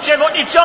przewodniczący!